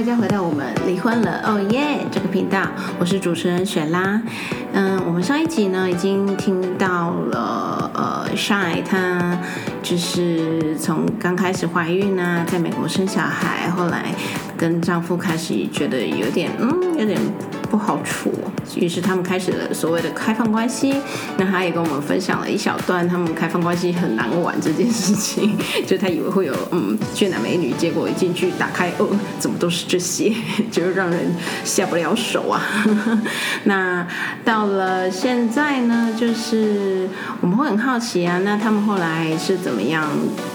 大家回到我們離婚了哦耶！Oh、yeah, 這個頻道，我是主持人雪拉。嗯，我們上一集呢已經聽到了，呃，Shine。她就是從剛開始懷孕啊，在美國生小孩，後來跟丈夫開始覺得有點嗯，有點不好處。於是他們開始了所謂的開放關係，那他也跟我們分享了一小段他們開放關係很難玩這件事情，就他以為會有嗯俊男美女，結果一進去打開哦，怎麼都是這些，就讓人下不了手啊。 那到了現在呢，就是我們會很好奇啊，那他們後來是怎麼樣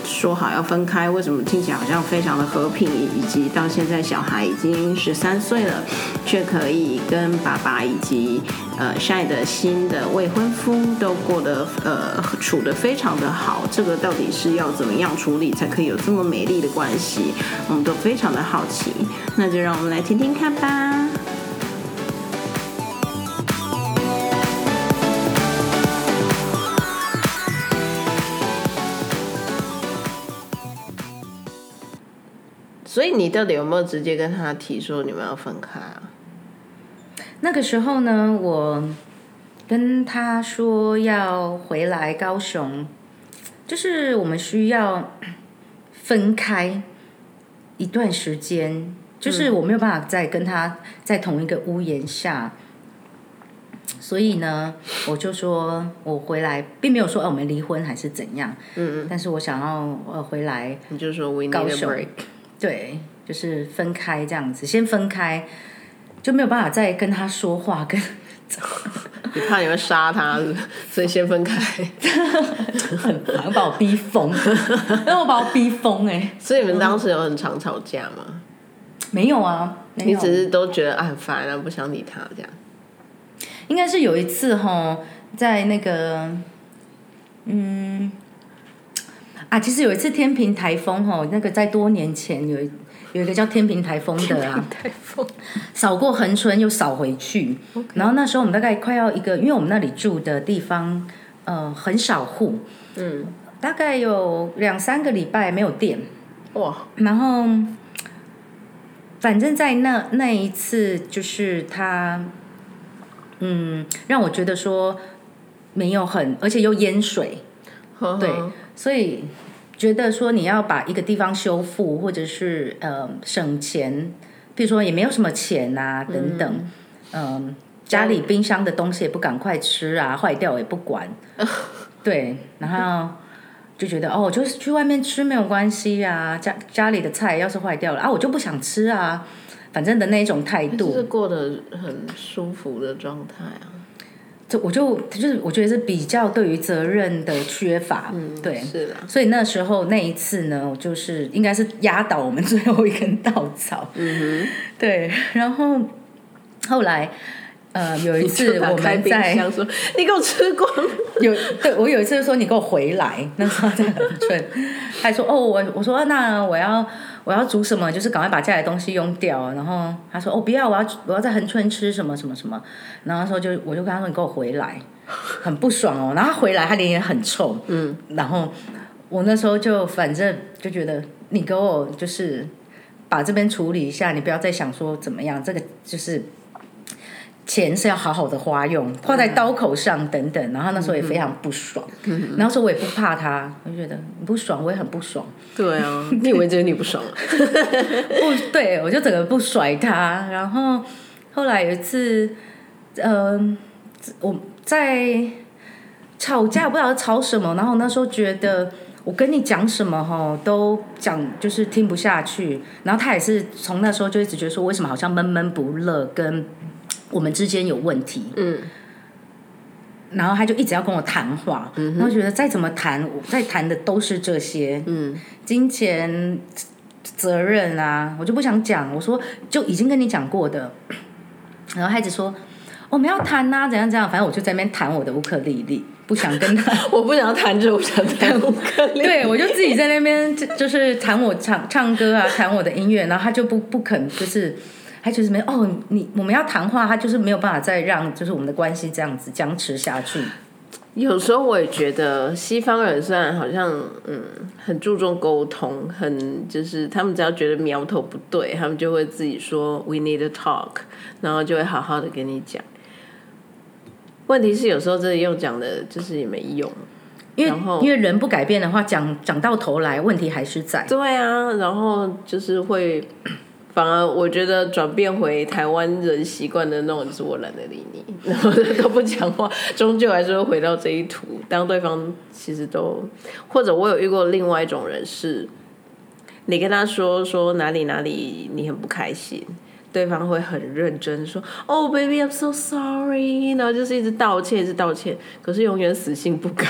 說好要分開？為什麼聽起來好像非常的和平？以及到現在小孩已經十三歲了，卻可以跟爸爸一。及呃，Shine 的新的未婚夫都過得呃，處得非常的好。這個到底是要怎麼樣處理，才可以有這麼美麗的關係？我們都非常的好奇。那就讓我們來聽聽看吧。所以你到底有沒有直接跟他提說你們要分開啊？那個時候呢，我跟他說要回來高雄，就是我們需要分開一段時間，就是我沒有辦法再跟他在同一個屋檐下，嗯、所以呢，我就說我回來，並沒有說哦，我們離婚還是怎樣，嗯嗯，但是我想要呃回來，你就說高雄，對，就是分開這樣子，先分開。就沒有辦法再跟他說話，跟 你怕你會殺他？是是，所以先分開，要 把我逼瘋，要 我把我逼瘋哎、欸！所以你們當時有很常吵架嗎？沒有啊，有你只是都覺得啊、哎、很煩啊，然後不想理他這樣。應該是有一次哈，在那個嗯啊，其實有一次天平台風哈，那個在多年前有。有一個叫天平台風的啊，掃過恆春又掃回去，Okay. 然後那時候我們大概快要一個，因為我們那裡住的地方，嗯、呃、很少戶，嗯，大概有兩三個禮拜沒有電，哇，然後，反正，在那那一次，就是它，嗯，讓我覺得說沒有很，而且又淹水，呵呵對，所以。覺得說你要把一個地方修復，或者是呃、嗯、省錢，比如說也沒有什麼錢啊等等，嗯、嗯，家裡冰箱的東西也不趕快吃啊，壞、嗯、掉也不管， 對，然後就覺得哦，就是去外面吃沒有關係啊，家家裡的菜要是壞掉了啊，我就不想吃啊，反正的那種態度，就是過得很舒服的狀態啊。就我就就是我覺得是比較對於責任的缺乏，嗯、對，是的、啊。所以那時候那一次呢，就是應該是壓倒我們最後一根稻草，嗯哼，對。然後後來呃有一次我們在你, 你給我吃光，有對我有一次就說你給我回來， 那時候在農村，他說哦我我說、啊、那我要。我要煮什麼？就是趕快把家裡的東西用掉然後他說：“哦，不要，我要我要在恆春吃什麼什麼什麼。”然後說就我就跟他說：“你給我回來，很不爽哦。”然後他回來，他臉也很臭。嗯，然後我那時候就反正就覺得，你給我就是把這邊處理一下，你不要再想說怎麼樣，這個就是。錢是要好好的花用，花在刀口上等等，然後那時候也非常不爽，然後說我也不怕他，我就覺得你不爽我也很不爽。對啊，你以為覺得你不爽？不，對，我就整個不甩他。然後後來有一次，嗯、呃，我在吵架，不知道吵什麼。然後那時候覺得我跟你講什麼哈都講就是聽不下去。然後他也是從那時候就一直覺得說，為什麼好像悶悶不樂？跟我們之間有問題，嗯，然後他就一直要跟我談話，嗯哼，然後我覺得再怎麼談，我再談的都是這些，嗯，金錢責任啊，我就不想講，我說就已經跟你講過的，然後他一直說我們要談啊，怎樣怎樣，反正我就在那邊談我的烏克麗麗，不想跟他， 我不想要談這，我想談烏克麗麗， 對我就自己在那邊就就是彈我唱唱歌啊，彈我的音樂，然後他就不不肯就是。他就是沒哦，你我們要談話，他就是沒有辦法再讓，就是我們的關係這樣子僵持下去。有時候我也覺得，西方人雖然好像嗯很注重溝通，很就是他們只要覺得苗頭不對，他們就會自己說 “We need to talk”，然後就會好好的跟你講。問題是有時候這裡又講的，就是也沒用，因為然後因為人不改變的話，講講到頭來問題還是在。對啊，然後就是會。反而我覺得轉變回台灣人習慣的那種，就是我懶得理你，然後都不講話，終究還是會回到這一途。當對方其實都，或者我有遇過另外一種人是，是你跟他說說哪裡哪裡你很不開心，對方會很認真說，哦，oh, baby，I'm so sorry，然後就是一直道歉，一直道歉，可是永遠死性不改。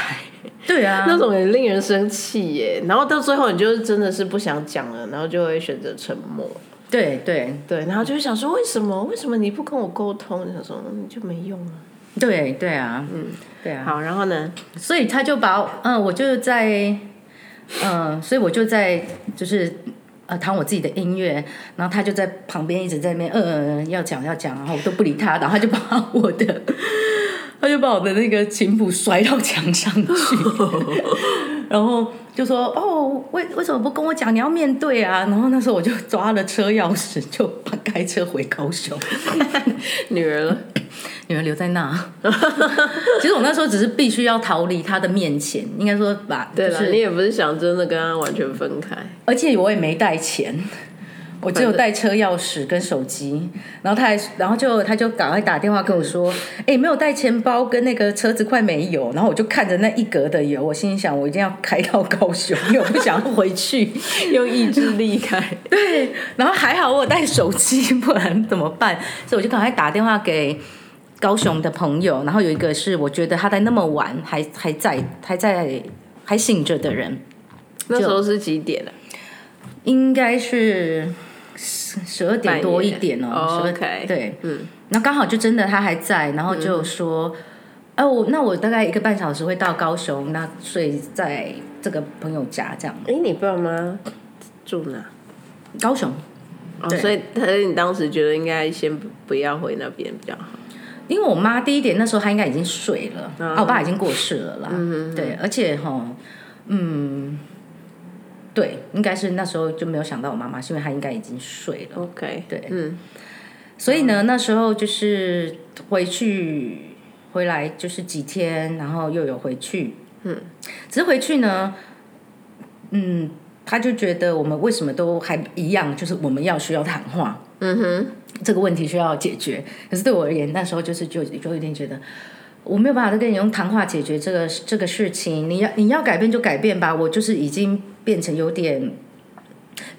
對啊，那種也令人生氣耶。然後到最後，你就是真的是不想講了，然後就會選擇沉默。對對對，然後就是想說，為什麼為什麼你不跟我溝通？想說你就沒用啊。對對啊，嗯，對啊。嗯、對啊好，然後呢？所以他就把嗯、呃，我就在嗯、呃，所以我就在就是呃彈我自己的音樂，然後他就在旁邊一直在那邊嗯、呃、要講要講，然後我都不理他，然後他就把我的他就把我的那個琴譜摔到牆上去。 然後就說：“哦，為為什麼不跟我講你要面對啊？”然後那時候我就抓了車鑰匙，就把開車回高雄。女兒了，女兒留在那、啊。 其實我那時候只是必須要逃離他的面前，應該說吧。對了啦，就是、你也不是想真的跟他完全分開，而且我也沒帶錢。我只有帶車鑰匙跟手機，的然後他還，然後就他就趕快打電話跟我說：“哎對、欸，沒有帶錢包，跟那個車子快沒有。”然後我就看着那一格的油，我心裡想我一定要開到高雄， 因為我不想回去，又 意志力開。對，然後還好我帶手機，不然怎麼辦？所以我就趕快打電話給高雄的朋友，然後有一個是我覺得他在那麼晚還還在還在還醒着的人。 那時候是幾點了？應該是。十二點多一點哦、喔，oh, okay. 對，嗯，那剛好就真的他還在，然後就說，嗯、哦，那我大概一個半小時會到高雄，那睡在這個朋友家這樣。哎、欸，你爸媽住哪？高雄。所以、哦、對所以你當時覺得應該先不要回那邊比較好，因為我媽第一點那時候她應該已經睡了，嗯、啊，我爸已經過世了啦，嗯、哼哼對，而且哈，嗯。對，應該是那時候就沒有想到我媽媽，是因為她應該已經睡了。OK，對，嗯，所以呢，那時候就是回去回來就是幾天，然後又有回去，嗯，只是回去呢，嗯，他就覺得我們為什麼都還一樣，就是我們要需要談話，嗯哼，這個問題需要解決。可是對我而言，那時候就是就就有點覺得。我沒有辦法再跟你用談話解決這個這個事情，你要你要改變就改變吧，我就是已經變成有點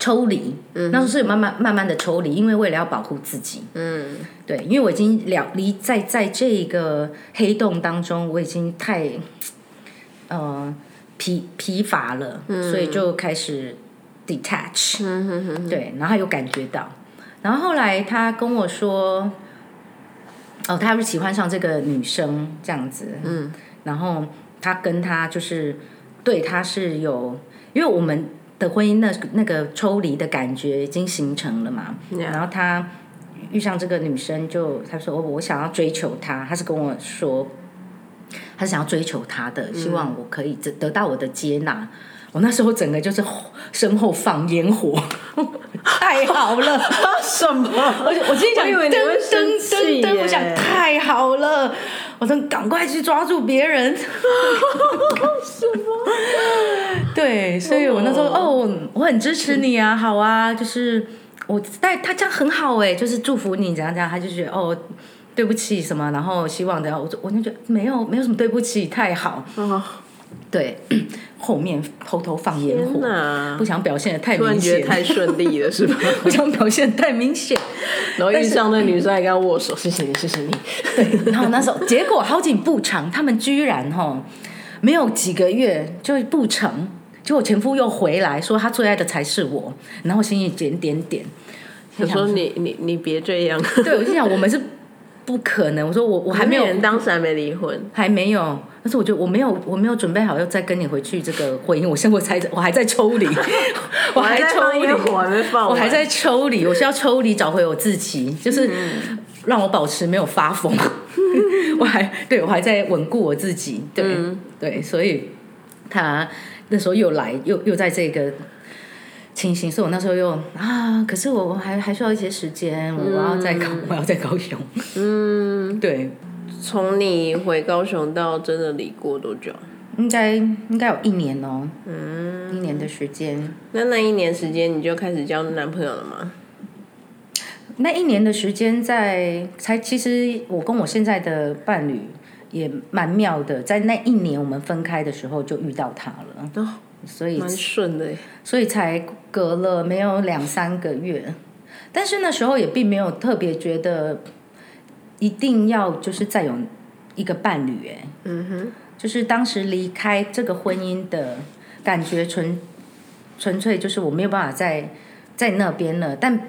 抽離，然後所以慢慢慢慢的抽離，因為為了要保護自己，嗯，對，因為我已經了離在在這個黑洞當中，我已經太，嗯、呃、疲疲乏了，嗯，所以就開始 detach，嗯，對，然後有感覺到，然後後來他跟我說。哦，他不是喜歡上這個女生這樣子，嗯，然後他跟她就是對他是有，因為我們的婚姻那那個抽離的感覺已經形成了嘛，嗯、然後他遇上這個女生就他說我、哦、我想要追求她，他是跟我說，他是想要追求她的，嗯、希望我可以得得到我的接納，我那時候整個就是身後放煙火。 太好了！ 什麼？而且我我之前以為你會生氣，我想太好了，我說趕快去抓住別人。什麼？對，所以我那時候哦，哦，我很支持你啊，好啊，就是我，但他這樣很好哎、欸，就是祝福你，怎樣怎樣，他就覺得哦，對不起什麼，然後希望的、啊，我就我就覺得沒有，沒有什麼對不起，太好。哦對，後面偷偷放煙火，哪不想表現的太明顯，太順利了是吧？ 不想表現得太明顯， 然後遇上那女生還跟他握手，是嗯、謝謝你，謝謝你。對，然後那時候 結果好景不長，他們居然哈沒有幾個月就不成，結果我前夫又回來說他最愛的才是我，然後我心裡點點點，我說，說你你別這樣， 對我就想我們是不可能，我說我我還沒有，當時還沒離婚，還沒有。但是我覺得我沒有，我沒有準備好要再跟你回去這個婚姻。我現在我還在，我還在抽離，我還在抽離，我還在抽離。我需要抽離，找回我自己，就是讓我保持沒有發瘋。 我還對我還在穩固我自己，對、嗯、對，所以他那時候又來，又又在這個情形，所以我那時候又啊，可是我還還需要一些時間，我，我要在高，嗯、我要在高雄，嗯，對。從你回高雄到真的離過多久？應該應該有一年哦。嗯，一年的時間。那那一年時間你就開始交男朋友了嗎？那一年的時間在才其實我跟我現在的伴侶也蠻妙的，在那一年我們分開的時候就遇到他了。哦，所以蠻順的，所以才隔了沒有兩三個月，但是那時候也並沒有特別覺得。一定要就是再有一個伴侶，嗯哼，就是當時離開這個婚姻的感覺純純粹就是我沒有辦法再在那邊了，但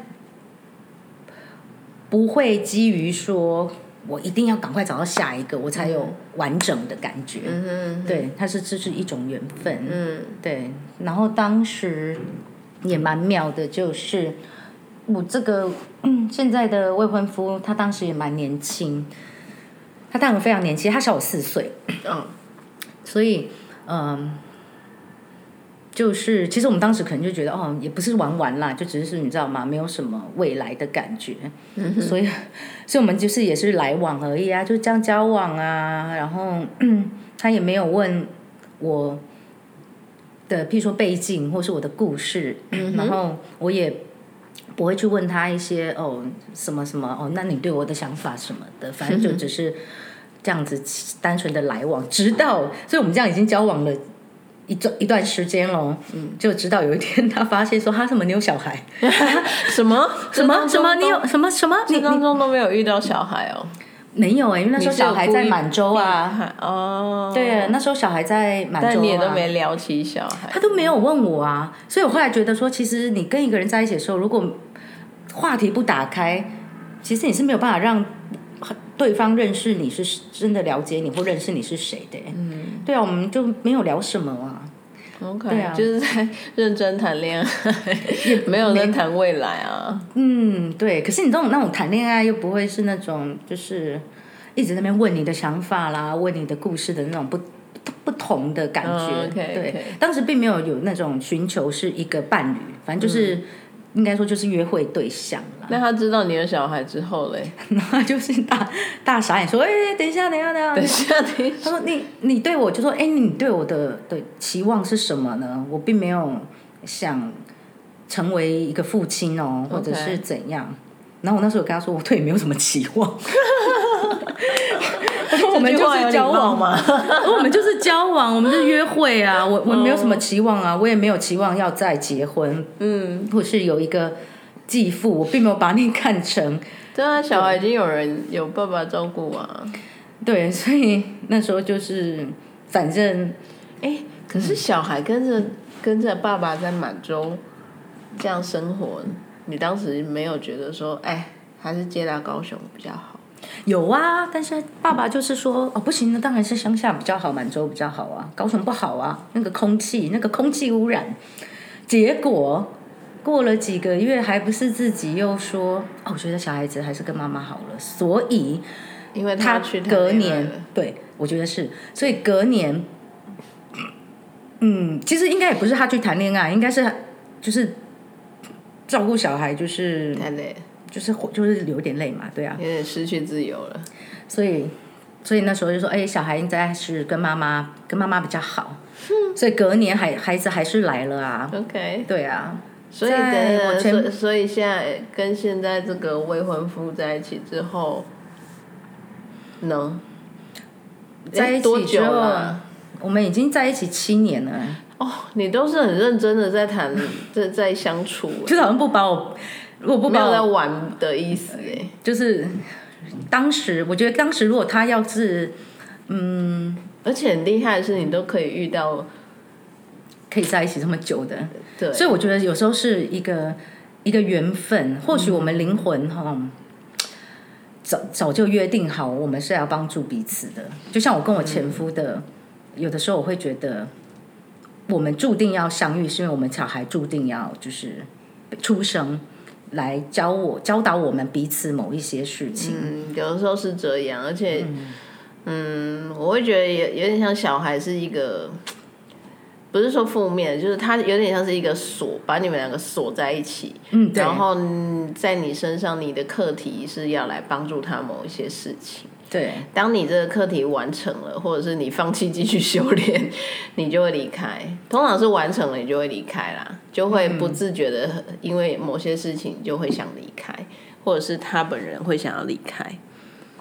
不會基於說我一定要趕快找到下一個我才有完整的感覺，嗯哼，對，它是這是一種緣分，嗯，對，然後當時也蠻妙的，就是。我這個、嗯、現在的未婚夫，他當時也蠻年輕，他當時非常年輕，他小我四歲，嗯，所以，嗯，就是其實我們當時可能就覺得，哦，也不是玩玩啦，就只是你知道嗎？沒有什麼未來的感覺，嗯、哼所以，所以我們就是也是來往而已啊，就這樣交往啊，然後他、嗯、也沒有問我的譬如說背景或是我的故事，嗯、哼然後我也。不會去問他一些哦什麼什麼哦，那你對我的想法什麼的，反正就只是這樣子單純的來往，直到、嗯、所以我們這樣已經交往了一段一段時間了嗯，就直到有一天他發現說，他怎麼你有小孩？ 什麼 什麼什麼你有什麼什麼？你當中都沒有遇到小孩哦？沒有哎、欸，因為那時候小孩在滿洲啊，哦，對、啊，那時候小孩在滿洲啊，但你也都沒聊起小孩，他都沒有問我啊，嗯、所以我後來覺得說，其實你跟一個人在一起的時候，如果話題不打開，其實你是沒有辦法讓對方認識你，是真的了解你或認識你是誰的、欸。嗯，對啊，我們就沒有聊什麼啊。OK，對啊，就是在認真談戀愛，沒沒有在談未來啊。嗯，對。可是你這種那種談戀愛又不會是那種，就是一直在那邊問你的想法啦，問你的故事的那種不不，不，不同的感覺。嗯、okay, okay。對，當時並沒有有那種尋求是一個伴侶，反正就是。嗯應該說就是約會對象啦。那他知道你有小孩之後嘞， 然後就是大大傻眼說：“哎、欸，等一下，等一下，等一下，等一下，一下”他說：“你你對我就說，哎、欸，你對我的對期望是什麼呢？我並沒有想成為一個父親哦、喔，Okay. 或者是怎樣。”然後我那時候我跟他說：“我對你沒有什麼期望。 ”我們就是交往嘛，我們就是交往，我們是約會啊。我我沒有什麼期望啊，我也沒有期望要再結婚。嗯，或是有一個繼父，我並沒有把你看成。對啊，小孩已經有人有爸爸照顧啊。對，所以那時候就是反正，哎，可是小孩跟着跟着爸爸在滿洲這樣生活，你當時沒有覺得說，哎，還是接到高雄比較好？有啊，但是爸爸就是說哦，不行，那當然是鄉下比較好，滿洲比較好啊，高雄不好啊，那個空氣，那個空氣污染。結果過了幾個月，還不是自己又說哦，我覺得小孩子還是跟媽媽好了。所以，因為他，去他隔年，對，我覺得是，所以隔年，嗯，其實應該也不是他去談戀愛，應該是就是照顧小孩，就是太累。就是就是流點淚嘛，對啊，有點失去自由了。所以，所以那時候就說，哎、欸，小孩應該是跟媽媽跟媽媽比較好。嗯、所以隔年還孩子還是來了啊。OK。對啊。所以，所以，所以現在跟現在這個未婚夫在一起之後，能在一起之後、欸、多久了？我們已經在一起七年了。哦，你都是很認真的在談，在在相處， 就是好像不把我。如果不有在玩的意思耶，就是當時我覺得當時如果他要是嗯，而且很厲害的是，你都可以遇到可以在一起這麼久的，對，所以我覺得有時候是一個一個緣分，或許我們靈魂哈、哦嗯、早早就約定好，我們是要幫助彼此的。就像我跟我前夫的，嗯、有的時候我會覺得我們注定要相遇，是因為我們小孩注定要就是出生。來教我教導我們彼此某一些事情，嗯、有的時候是這樣，而且，嗯，嗯，我會覺得有有點像小孩，是一個，不是說負面，就是他有點像是一個鎖，把你們兩個鎖在一起，嗯，對，然後在你身上，你的課題是要來幫助他某一些事情。對，當你這個課題完成了，或者是你放棄繼續修煉，你就會離開。通常是完成了，你就會離開啦，就會不自覺的，因為某些事情你就會想離開，嗯，或者是他本人會想要離開。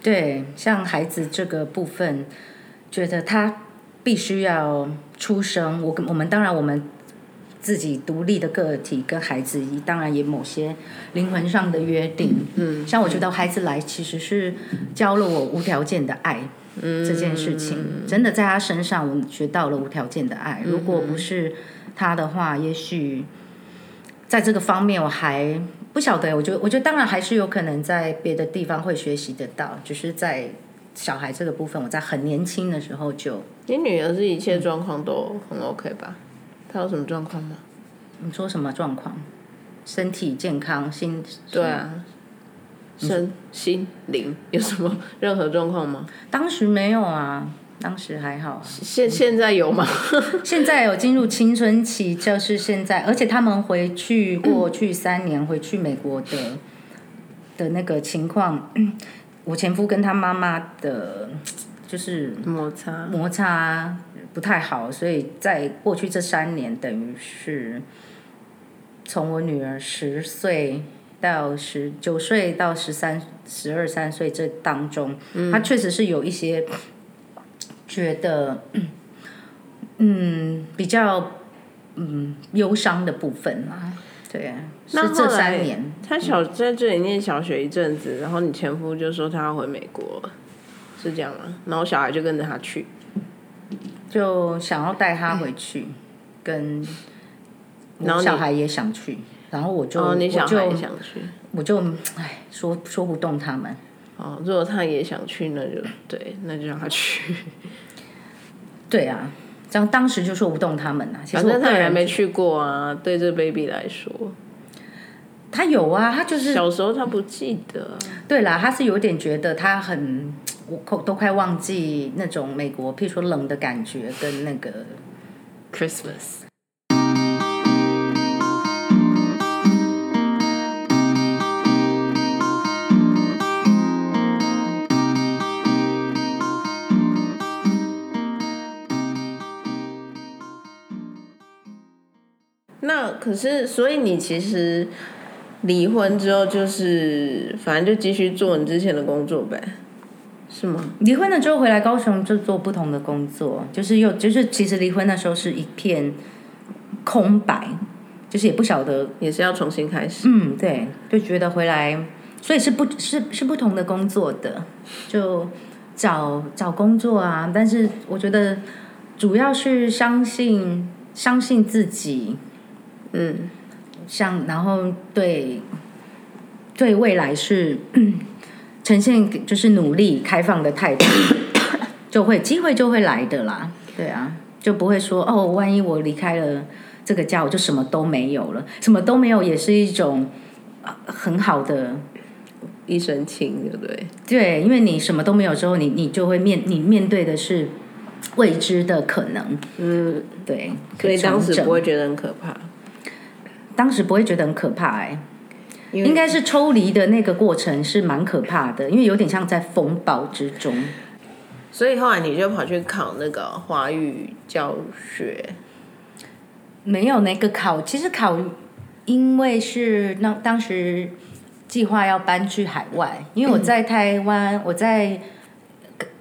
對，像孩子這個部分，覺得他必須要出生。我我們當然我們。自己獨立的個體跟孩子，當然也某些靈魂上的約定。嗯，像我覺得孩子來其實是教了我無條件的愛。嗯，這件事情真的在他身上，我學到了無條件的愛。如果不是他的話，也許在這個方面我還不曉得。我覺得，我覺得當然還是有可能在別的地方會學習得到。就是在小孩這個部分，我在很年輕的時候就。你女兒是一切狀況都很 OK 吧？還有什麼狀況嗎？你說什麼狀況？身體健康，心對啊，身、嗯、心靈有什麼任何狀況嗎？當時沒有啊，當時還好。現現在有嗎？嗯、現在有進入青春期，就是現在，而且他們回去過去三年、嗯、回去美國的的那個情況，我前夫跟他媽媽的，就是摩擦摩擦，不太好，所以在過去這三年，等於是從我女兒十歲到十九歲到十三十二三歲這當中，嗯、她確實是有一些覺得，嗯，嗯比較嗯憂傷的部分嘛。對啊，是這三年。他小在這裡念小學一陣子，嗯、然後你前夫就說他要回美國，是這樣嗎、啊？然後小孩就跟着他去。就想要帶他回去，嗯、跟，小孩也想去，然後，然後我就我就我就，哎，說說不動他們。哦，如果他也想去，那就對，那就讓他去。 對啊，這樣當時就說不動他們啊。反正、啊、他還沒去過啊，對這 baby 來說。他有啊，他就是小時候他不記得。對啦，他是有點覺得他很，我都快忘記那種美國，譬如說冷的感覺跟那個 Christmas。那可是，所以你其實。離婚之後就是，反正就繼續做你之前的工作唄，是嗎？離婚了之後回來高雄就做不同的工作，就是又就是其實離婚那時候是一片空白，就是也不曉得也是要重新開始，嗯，對，就覺得回來，所以是不，是是不同的工作的，就找找工作啊，但是我覺得主要是相信相信自己，嗯。像然後對，對未來是呈現就是努力開放的態度，就會 機會就會來的啦。對啊，就不會說哦，萬一我離開了這個家，我就什麼都沒有了。什麼都沒有也是一種很好的一身輕，對不對？對，因為你什麼都沒有之後，你你就會面你面對的是未知的可能。嗯，對，所以當時不會覺得很可怕。當時不會覺得很可怕哎、欸，因為，應該是抽離的那個過程是蠻可怕的，因為有點像在風暴之中。所以後來你就跑去考那個華語教學？沒有那個考，其實考，因為是那當時計劃要搬去海外，因為我在台灣，嗯、我在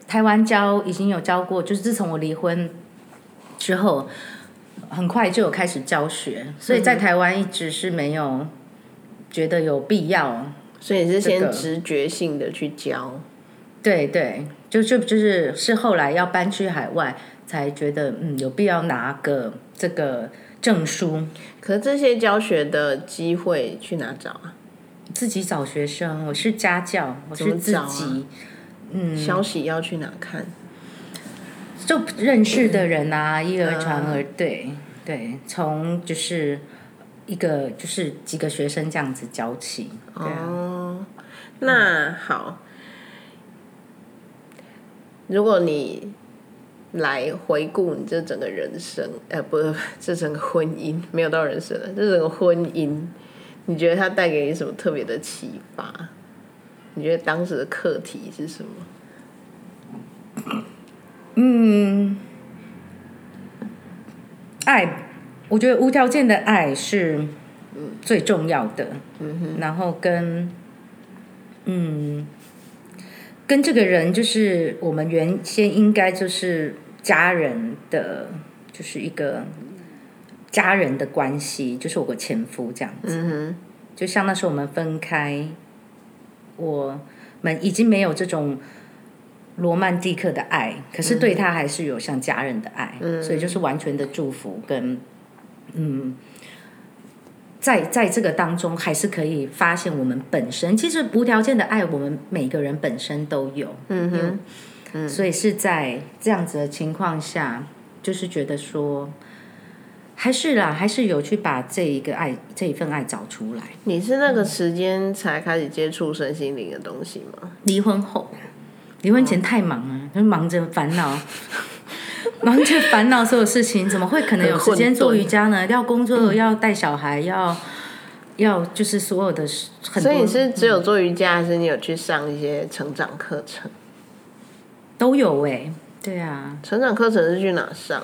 台灣教已經有教過，就是自從我離婚之後。很快就有開始教學，所以在台灣一直是沒有覺得有必要，所以是先直覺性的去教。對對，就就就是是後來要搬去海外才覺得嗯有必要拿個這個證書。可這些教學的機會去哪找啊？自己找學生，我是家教，我是自己。啊，嗯，消息要去哪看？就認識的人啊，嗯、一而傳而對、嗯、對，從就是一個就是幾個學生這樣子教起。哦，啊嗯、那好，如果你來回顧你這整個人生，呃，不，這整個婚姻沒有到人生的，這整個婚姻，你覺得它帶給你什麼特別的啟發？你覺得當時的課題是什麼？嗯，愛，我覺得無條件的愛是最重要的。嗯哼。然後跟，嗯，跟這個人就是我們原先應該就是家人的，就是一個家人的關係，就是我前夫這樣子。嗯哼。就像那時候我們分開，我們已經沒有這種。羅曼蒂克的愛，可是對他還是有像家人的愛。嗯哼嗯，所以就是完全的祝福跟，嗯，在在這個當中還是可以發現我們本身其實無條件的愛，我們每個人本身都有，嗯，嗯哼、嗯，所以是在這樣子的情況下，就是覺得說，還是啦，還是有去把這一個愛、這一份愛找出來。你是那個時間才開始接觸身心靈的東西嗎？嗯、離婚後。離婚前太忙了，就忙着煩惱， 忙着煩惱所有事情， 怎麼會可能有時間做瑜伽呢？很很要工作，嗯、要帶小孩，要要就是所有的事。所以你是只有做瑜伽，嗯、還是你有去上一些成長課程？都有哎、欸，對啊。成長課程是去哪上？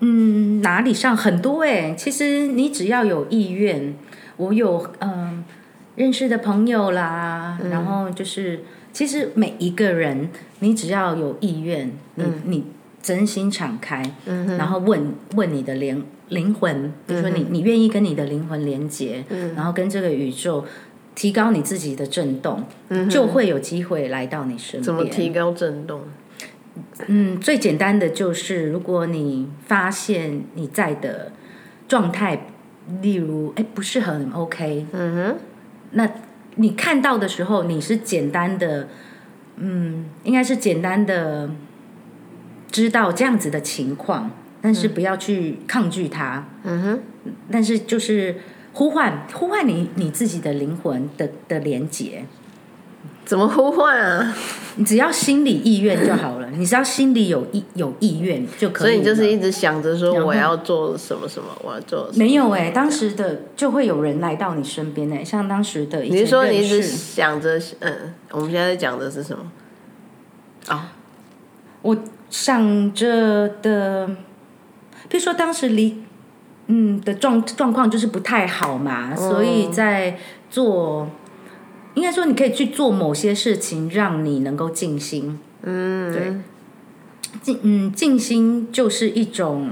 嗯，哪裡上很多哎、欸。其實你只要有意願，我有嗯認識的朋友啦，嗯、然後就是。其實每一個人，你只要有意願，你你真心敞開，嗯、哼然後問問你的靈靈魂，比如說你、嗯、哼你願意跟你的靈魂連接，嗯、然後跟這個宇宙提高你自己的振動，嗯、哼就會有機會來到你身邊。怎麼提高振動？嗯，最簡單的就是，如果你發現你在的狀態，例如哎不是很 OK，嗯哼，那。你看到的時候，你是簡單的，嗯，應該是簡單的知道這樣子的情況，但是不要去抗拒它。嗯哼，但是就是呼喚呼喚你你自己的靈魂的的連接。怎麼呼喚啊？你只要心裡意願就好了， 你只要心裡有意有意願就可以了。所以你就是一直想着說我要做什麼什麼，嗯、哼我要做什麼什麼。沒有哎、欸，當時的就會有人來到你身邊哎、欸，像當時的。比如說你一直想着，呃、嗯，我們現在講的是什麼？啊、哦，我想着的，比如說當時離嗯的狀狀況就是不太好嘛，嗯、所以在做。應該說，你可以去做某些事情，讓你能夠靜心。嗯，對，靜嗯靜心就是一種，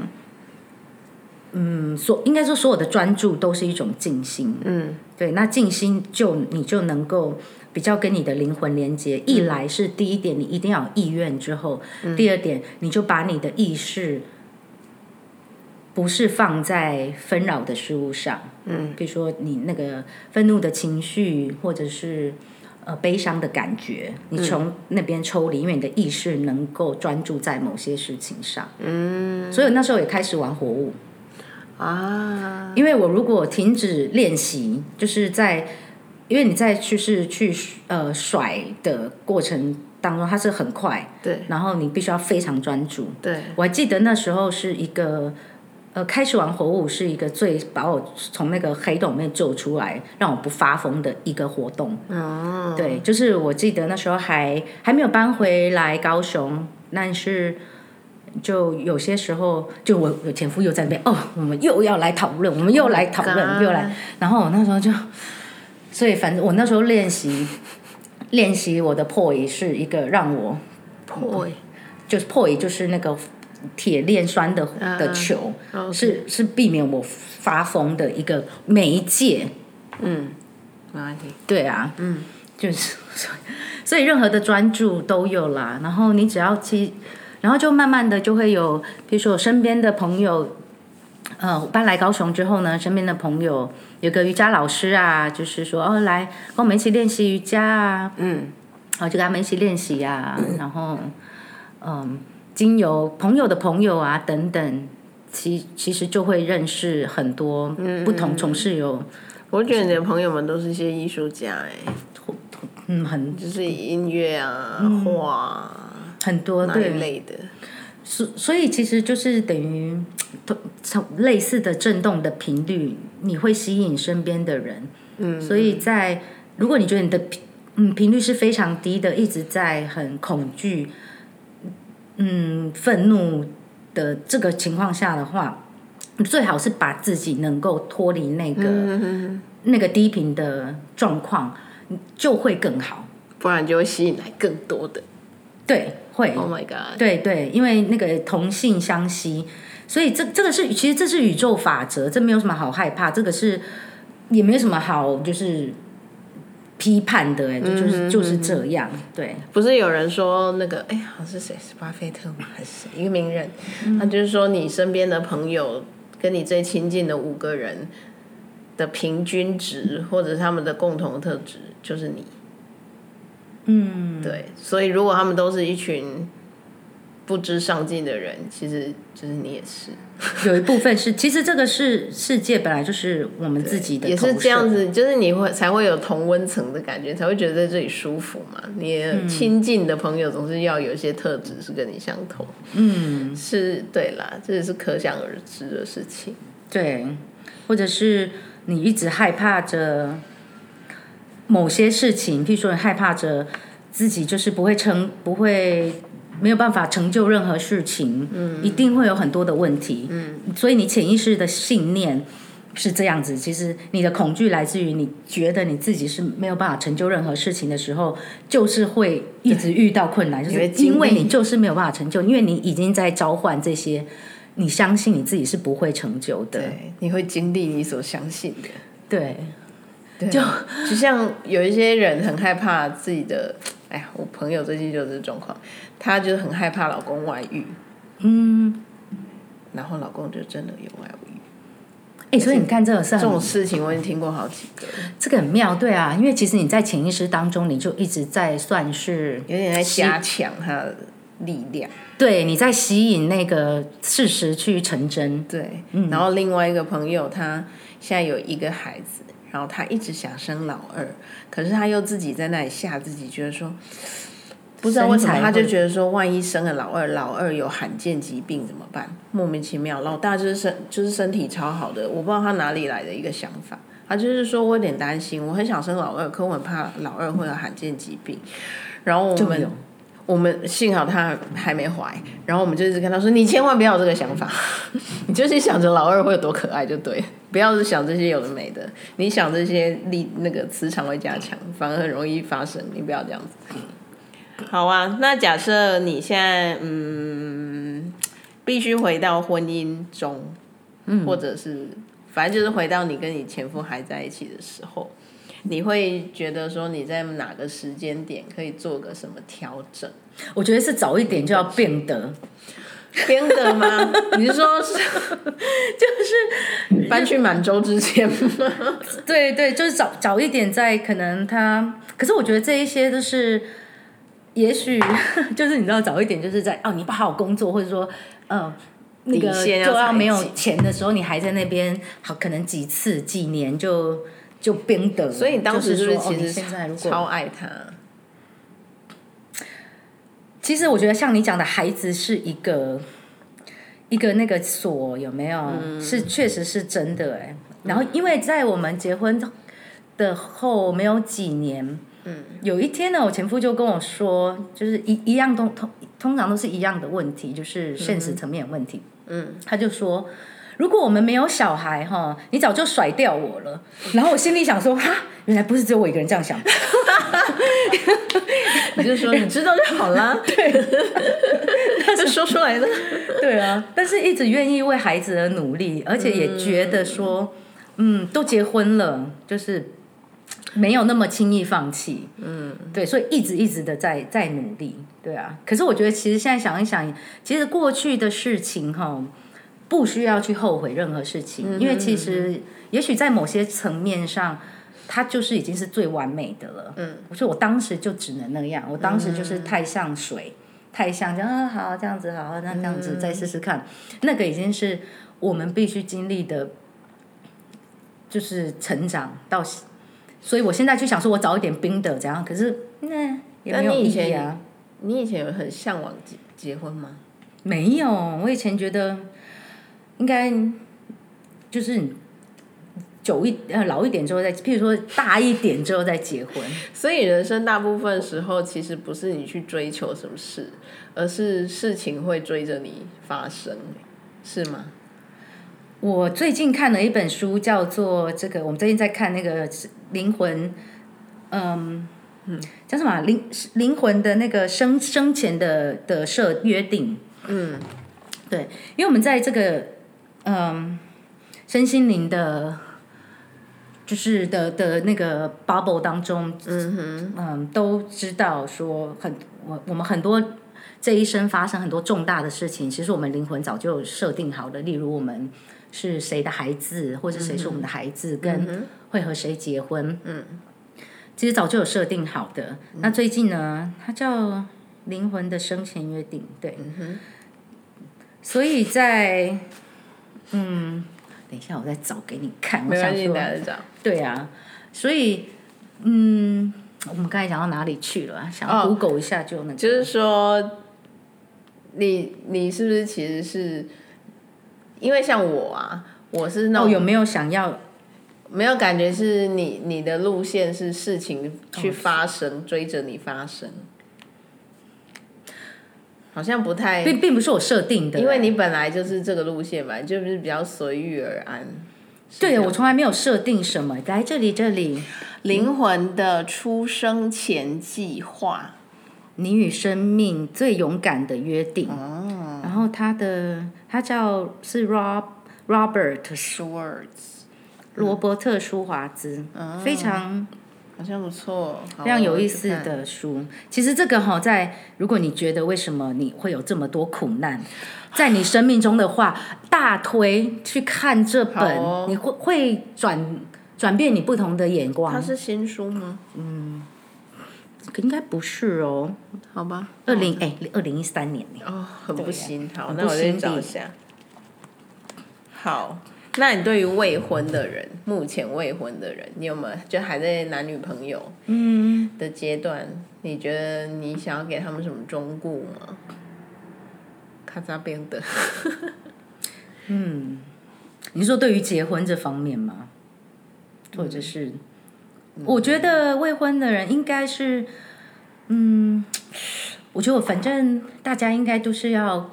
嗯，所應該說所有的專注都是一種靜心。嗯，對，那靜心就你就能夠比較跟你的靈魂連接。一來是第一點，你一定要有意願；之後，嗯，第二點，你就把你的意識。不是放在紛擾的事物上，嗯，比如說你那個憤怒的情緒，或者是呃悲傷的感覺，嗯、你從那邊抽離，因為你的意識能夠專注在某些事情上，嗯，所以那時候也開始玩活物啊，因為我如果停止練習，就是在因為你在就是去呃甩的過程當中，它是很快，對，然後你必須要非常專注，對，我還記得那時候是一個。呃，開始玩火舞是一個最把我從那個黑洞裡面救出來，讓我不發瘋的一個活動。哦，oh. 對，就是我記得那時候還還沒有搬回來高雄，但是就有些時候，就我我前夫又在那邊，oh. 哦，我們又要來討論，我們又來討論，oh my God. 又來，然後我那時候就，所以反正我那時候練習練習我的破譯是一個讓我破 Boy. 嗯，就是破譯就是那個。鐵鏈拴的的球，uh, uh, okay. 是是避免我發瘋的一個媒介。嗯，對啊，嗯，就是，所以任何的專注都有啦。然後你只要去，然後就慢慢的就會有，比如說我身邊的朋友，呃，我搬來高雄之後呢，身邊的朋友有個瑜伽老師啊，就是說哦，來，跟我們一起練習瑜伽啊。嗯，然、哦、就跟他們一起練習啊，嗯、然後，嗯。經由朋友的朋友啊，等等，其其實，就會認識很多，嗯嗯，不同從事有，我覺得你的朋友們都是一些藝術家、欸，嗯，很就是音樂啊、畫、嗯，啊、很多對，那一類的。所所以，其實就是等於從類似的震動的頻率，你會吸引身邊的人。嗯嗯，所以在如果你覺得你的頻嗯頻率是非常低的，一直在很恐懼，嗯，憤怒的這個情況下的話，最好是把自己能夠脫離那個、嗯嗯嗯、那個低頻的狀況，就會更好。不然就會吸引來更多的，對，會。Oh my god！對對，因為那個同性相吸，所以這這個是其實這是宇宙法則，這沒有什麼好害怕，這個是也沒有什麼好就是。批判的人、欸、就，就是、嗯嗯、就是這樣。對，不是有人說那個哎呀，好像是誰，是巴菲特嗎？還是誰，一個名人？那、嗯、就是說，你身邊的朋友，跟你最親近的五個人的平均值，或者他們的共同特質，就是你。嗯。對，所以如果他們都是一群。不知上進的人，其實就是你也是。 有一部分是，其實這個是世界本來就是我們自己的。也是這樣子，就是你會才會有同溫層的感覺，才會覺得在這裡舒服嘛。你也親近的朋友總是要有一些特質是跟你相同。嗯，是對啦，這也是可想而知的事情。對，或者是你一直害怕着某些事情，譬如說你害怕着自己就是不會成，不會。沒有辦法成就任何事情，嗯，一定會有很多的問題，嗯，所以你潛意識的信念是這樣子。其實你的恐懼來自於你覺得你自己是沒有辦法成就任何事情的時候，就是會一直遇到困難，對，就是因為你就是沒有辦法成就，因為你已經在召喚這些，你相信你自己是不會成就的，對，你會經歷你所相信的，對，就就像有一些人很害怕自己的，哎呀，我朋友最近就是這種狀況。她就很害怕老公外遇，嗯，然後老公就真的有外遇，哎、欸，且所以你看這種事這種事情，我已經聽過好幾個。這個很妙，對啊，因為其實你在潛意識當中，你就一直在算是有點在加強他的力量，對你在吸引那個事實去成真。對，嗯、然後另外一個朋友，他現在有一個孩子，然後他一直想生老二，可是他又自己在那裡嚇自己，覺得說。不知道為什麼，他就覺得說，萬一生了老二，老二有罕見疾病怎麼辦？莫名其妙，老大就是身就是身體超好的，我不知道他哪裡來的一個想法。他就是說我有點擔心，我很想生老二，可我很怕老二會有罕見疾病。然後我們我們幸好他還沒懷，然後我們就一直跟他說：“你千萬不要有這個想法， 你就是想着老二會有多可愛就對，不要是想這些有的沒的。你想這些力那個磁場會加強，反而很容易發生。你不要這樣子。”好啊，那假設你現在嗯，必須回到婚姻中，嗯、或者是反正就是回到你跟你前夫還在一起的時候，你會覺得說你在哪個時間點可以做個什麼調整？我覺得是早一點就要變得， 變得嗎？ 你是說是就是、就是、搬去滿洲之前嗎？ 對對，就是早早一點，在可能他，可是我覺得這一些都是。也許就是你知道早一點就是在，哦，你不好好工作，或者說嗯、呃，那個就要沒有錢的時候，你還在那邊好，可能幾次幾年就就變的。所以你當時就是其實、哦、現在如果、超愛他。其實我覺得像你講的孩子是一個一個那個鎖，有沒有？嗯、是確實是真的哎、欸。然後因為在我們結婚的後沒有幾年。嗯，有一天呢，我前夫就跟我說，就是一一樣都通通通常都是一樣的問題，就是現實層面的問題。嗯，嗯他就說，如果我們沒有小孩哈、哦，你早就甩掉我了。嗯、然後我心裡想說，哈，原來不是只有我一個人這樣想。你就說你知道就好啦， 對，他 是 說出來的。 對啊， 對啊，但是一直願意為孩子而努力，而且也覺得說，嗯，嗯，都結婚了，就是。沒有那麼輕易放棄，嗯，對，所以一直一直的在在努力，對啊。可是我覺得其實現在想一想，其實過去的事情哈、哦，不需要去後悔任何事情，嗯、因為其實也許在某些層面上，它就是已經是最完美的了。嗯，我說所以我當時就只能那樣，我當時就是太像水，嗯、太像這樣。講、哦、好這樣子好，那這樣子再試試看，嗯、那個已經是我們必須經歷的，就是成長到。所以我現在就想說，我找一點冰的怎樣？可是那、呃、也沒有意義、啊、那你，以前你，你以前有很嚮往結結婚嗎？沒有，我以前覺得，應該就是久一呃老一點之後再，譬如說大一點之後再結婚。 所以人生大部分時候其實不是你去追求什麼事，而是事情會追着你發生，是嗎？我最近看了一本書，叫做《這個》，我們最近在看那個。靈魂嗯，嗯，叫什麼？靈靈魂的那個生生前的的設約定，嗯，對，因為我們在這個嗯身心靈的，就是的的那個 bubble 當中，嗯哼嗯，都知道說很我我們很多這一生發生很多重大的事情，其實我們靈魂早就設定好的，例如我們是誰的孩子，或者誰是我們的孩子，嗯、哼跟。嗯會和誰結婚？嗯，其實早就有設定好的。嗯、那最近呢？嗯、它叫《靈魂的生前約定》。對，嗯、哼所以在嗯，等一下我再找給你看。我想去哪裡找。對啊，所以嗯，我們剛才講到哪裡去了、啊？想 Google 一下就能、哦。就是說，你你是不是其實是，因為像我啊，我是那、哦、有沒有想要？沒有感覺是你你的路線是事情去發生，oh, 追着你發生，好像不太並並不是我設定的，因為你本來就是這個路線嘛，就是比較隨遇而安。對我從來沒有設定什麼在這裡這裡靈魂的出生前計劃，嗯、你與生命最勇敢的約定、oh. 然後他的他叫是 Rob Robert Schwartz。羅伯特·舒華茲，非常，好像不錯，非常有意思的書。其實這個哈，在如果你覺得為什麼你會有這麼多苦難，在你生命中的話，大推去看這本，你會會轉轉變你不同的眼光。它是新書嗎？嗯，應該不是哦，好吧。二零哎，二零一三年哦，很不行，好，那我先找一下。好。那你對於未婚的人，目前未婚的人，你有沒有就還在男女朋友的階段？嗯、你覺得你想要給他們什麼忠告嗎？咔嚓邊的。嗯，你說對於結婚這方面嗎？嗯、或者是，嗯、我覺得未婚的人應該是，嗯，我覺得我反正大家應該都是要。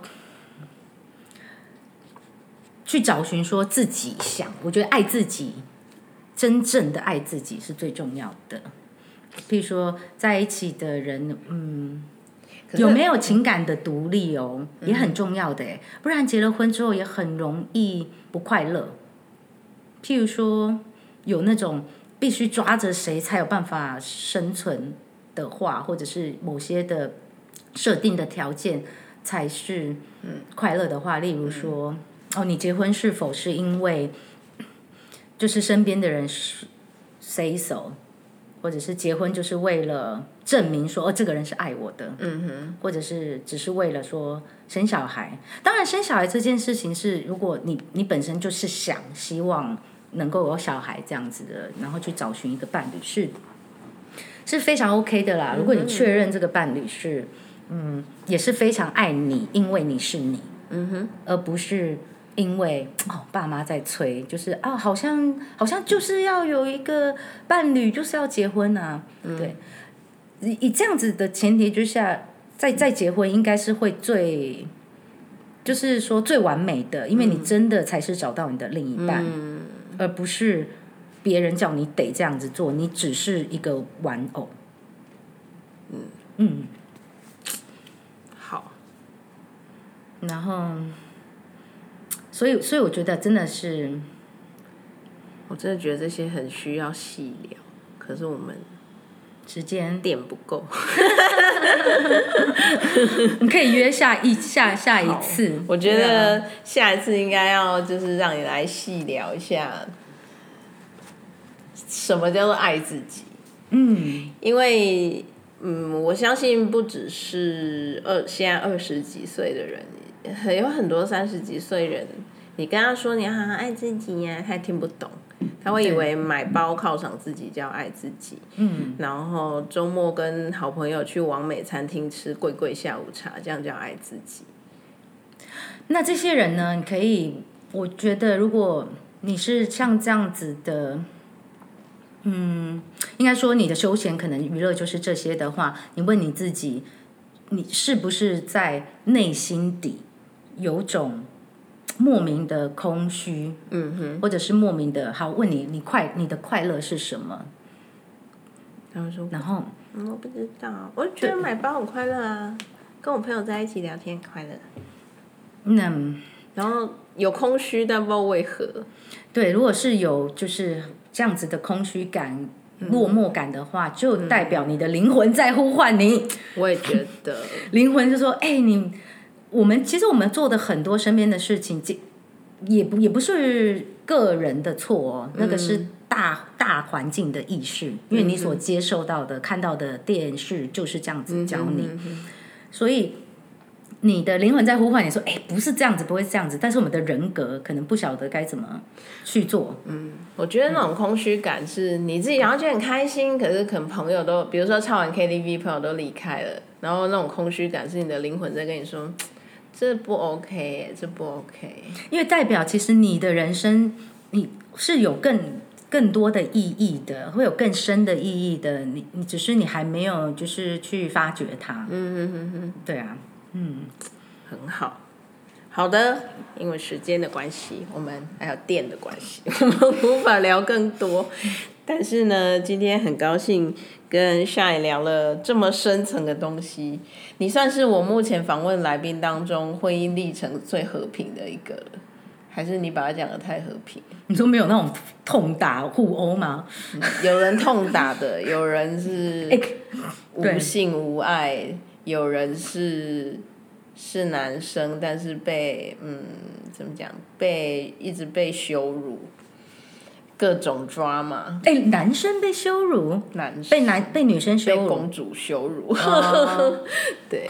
去找尋說自己想，我覺得愛自己，真正的愛自己是最重要的。譬如說，在一起的人，嗯，是有沒有情感的獨立哦，嗯、也很重要的耶，不然結了婚之後也很容易不快樂。譬如說，有那種必須抓着誰才有辦法生存的話，或者是某些的設定的條件才是快樂的話，嗯、例如說。哦，你結婚是否是因為就是身邊的人是 say so，或者是結婚就是為了證明說哦，這個人是愛我的，嗯哼，或者是只是為了說生小孩？當然，生小孩這件事情是，如果你你本身就是想希望能夠有小孩這樣子的，然後去找尋一個伴侶是是非常 OK 的啦。如果你確認這個伴侶是嗯哼，嗯，也是非常愛你，因為你是你，嗯哼，而不是。因為哦，爸媽在催，就是啊、哦，好像好像就是要有一個伴侶，就是要結婚啊。對，以、嗯、以這樣子的前提之下，再再結婚應該是會最，就是說最完美的，因為你真的才是找到你的另一半，嗯、而不是別人叫你得這樣子做，你只是一個玩偶。嗯嗯，好，然後。所以，所以我覺得真的是，我真的覺得這些很需要細聊。可是我們時間點不夠。 你可以約下一下下一次？好，我覺得下一次應該要就是讓你來細聊一下，什麼叫做愛自己？嗯，因為嗯，我相信不只是二現在二十幾歲的人，有很多三十幾歲人，你跟他說你好好愛自己呀、啊，他聽不懂，他會以為買包犒賞自己叫愛自己。嗯，然後周末跟好朋友去網美餐廳吃貴貴下午茶，這樣叫愛自己。那這些人呢？可以，我覺得如果你是像這樣子的，嗯，應該說你的休閒可能娛樂就是這些的話，你問你自己，你是不是在內心底？有種莫名的空虛，嗯哼，或者是莫名的好。問你，你快，你的快樂是什麼？他們說，然後、嗯，我不知道，我覺得買包很快樂啊，對跟我朋友在一起聊天快樂。那、嗯、然後有空虛，但不知道為何。對，如果是有就是這樣子的空虛感、嗯、落寞感的話，就代表你的靈魂在呼喚你。嗯、我也覺得， 靈魂就說：“哎、欸，你。”我們其實，我們做的很多身邊的事情，也不也不是個人的錯哦，嗯、那個是大大環境的意識，因為你所接受到的、嗯、哼看到的電視就是這樣子教你，嗯嗯、所以你的靈魂在呼喚你說：“哎、欸，不是這樣子，不會這樣子。”但是我們的人格可能不曉得該怎麼去做。嗯，我覺得那種空虛感是你自己，然後就很開心，嗯、可是可能朋友都，比如說唱完 KTV，朋友都離開了，然後那種空虛感是你的靈魂在跟你說。這不 OK，這不 OK。因為代表其實你的人生你是有更更多的意義的，會有更深的意義的。你你只是你還沒有就是去發掘它。嗯嗯嗯嗯，對啊。嗯，很好。好的，因為時間的關係，我們還有電的關係，我們無法聊更多。 但是呢，今天很高興。跟 Shine 聊了這麼深層的東西，你算是我目前訪問來賓當中婚姻歷程最和平的一個，還是你把它講得太和平？你說沒有那種痛打互毆嗎、嗯？有人痛打的， 有人是無性無愛，有人是對是男生，但是被嗯怎麼講，被一直被羞辱。各種 drama< 誒>！哎對，男生被羞辱，男被男被女生羞辱，被公主羞辱，啊、 對，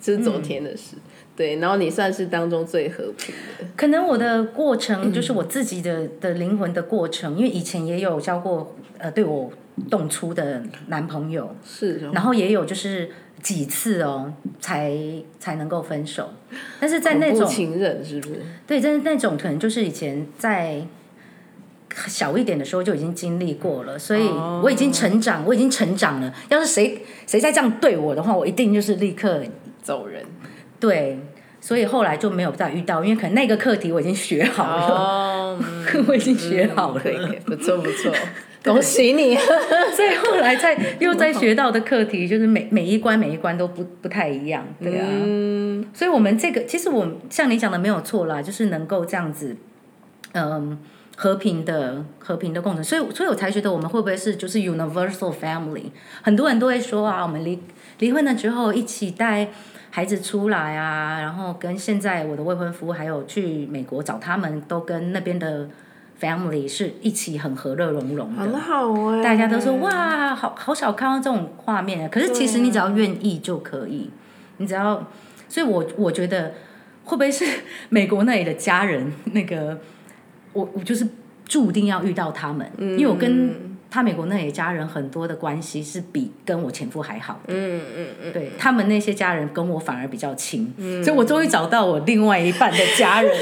這、嗯、是昨天的事。對，然後你算是當中最和平的。可能我的過程就是我自己的、嗯、的靈魂的過程，因為以前也有交過呃對我動粗的男朋友，是，然後也有就是幾次哦，才才能夠分手。但是在那種恐怖情人是不是？對，但是那種可能就是以前在。小一點的時候就已經經歷過了，所以我已經成長，哦、我已經成長了。要是誰誰再這樣對我的話，我一定就是立刻走人。對，所以後來就沒有再遇到，因為可能那個課題我已經學好了，哦嗯、 我已經學好了，不錯、嗯、不錯，不錯 對恭喜你。 所以後來在又再學到的課題，就是每每一關每一關都不不太一樣，對啊。嗯、所以，我們這個其實我像你講的沒有錯啦，就是能夠這樣子，嗯。和平的和平的共存，所以所以我才覺得我們會不會是就是 universal family？很多人都會說啊，我們離離婚了之後一起帶孩子出來啊，然後跟現在我的未婚夫還有去美國找他們，都跟那邊的 family 是一起很和樂融融的，很好啊，大家都說哇，好好少看到這種畫面啊。可是其實你只要願意就可以。對你只要，所以我我覺得會不會是美國那裡的家人那個？我我就是注定要遇到他們，嗯、因為我跟他美國那家人很多的關係是比跟我前夫還好的，嗯嗯嗯，嗯嗯對，他們那些家人跟我反而比較親，嗯、所以我終於找到我另外一半的家人，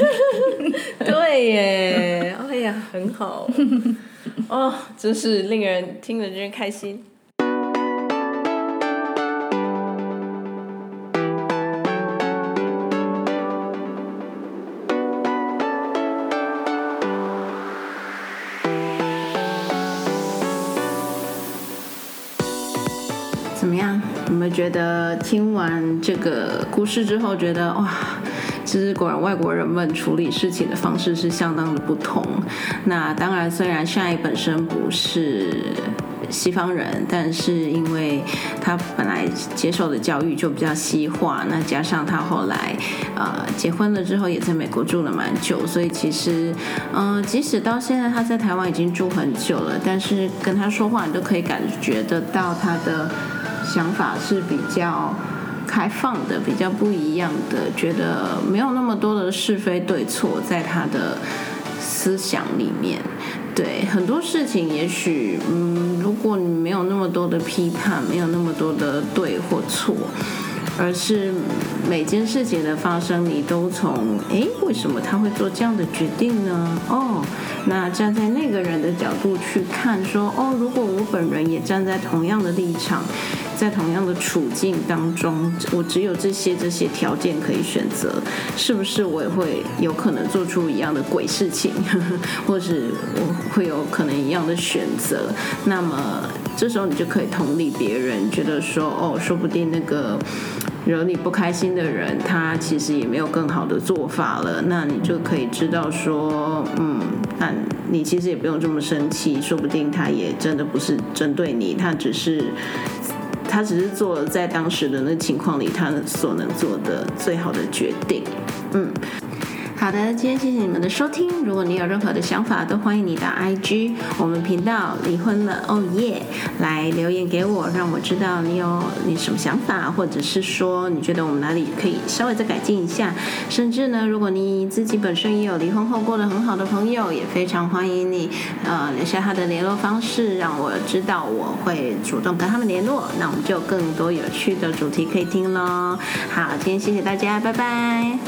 對耶、 哦，哎呀，很好， 哦，真是令人聽了真是開心。覺得聽完這個故事之後，覺得哇，其實果然外國人們處理事情的方式是相當的不同。那當然，雖然 Shine 本身不是西方人，但是因為他本來接受的教育就比較西化，那加上他後來呃結婚了之後也在美國住了蠻久，所以其實，呃，即使到現在他在台灣已經住很久了，但是跟他說話，你都可以感覺得到他的。想法是比較開放的，比較不一樣的，覺得沒有那麼多的是非對錯，在他的思想裡面，對很多事情，也許，嗯，如果你沒有那麼多的批判，沒有那麼多的對或錯。而是每件事情的發生，你都從誒、欸、為什麼他會做這樣的決定呢？哦，那站在那個人的角度去看說，說哦，如果我本人也站在同樣的立場，在同樣的處境當中，我只有這些這些條件可以選擇，是不是我也會有可能做出一樣的鬼事情，或是我會有可能一樣的選擇？那麼這時候你就可以同理別人，覺得說哦，說不定那個。惹你不開心的人，他其實也沒有更好的做法了。那你就可以知道說，嗯，那你其實也不用這麼生氣，說不定他也真的不是針對你，他只是，他只是做了在當時的那情況裡他所能做的最好的決定，嗯。好的，今天謝謝你們的收聽。如果你有任何的想法，都歡迎你到 IG 我們頻道離婚了哦耶、oh yeah，來留言給我，讓我知道你有你什麼想法，或者是說你覺得我們哪裡可以稍微再改進一下。甚至呢，如果你自己本身也有離婚後過得很好的朋友，也非常歡迎你呃留下他的聯絡方式，讓我知道，我會主動跟他們聯絡。那我們就有更多有趣的主題可以聽嘍。好，今天謝謝大家，拜拜。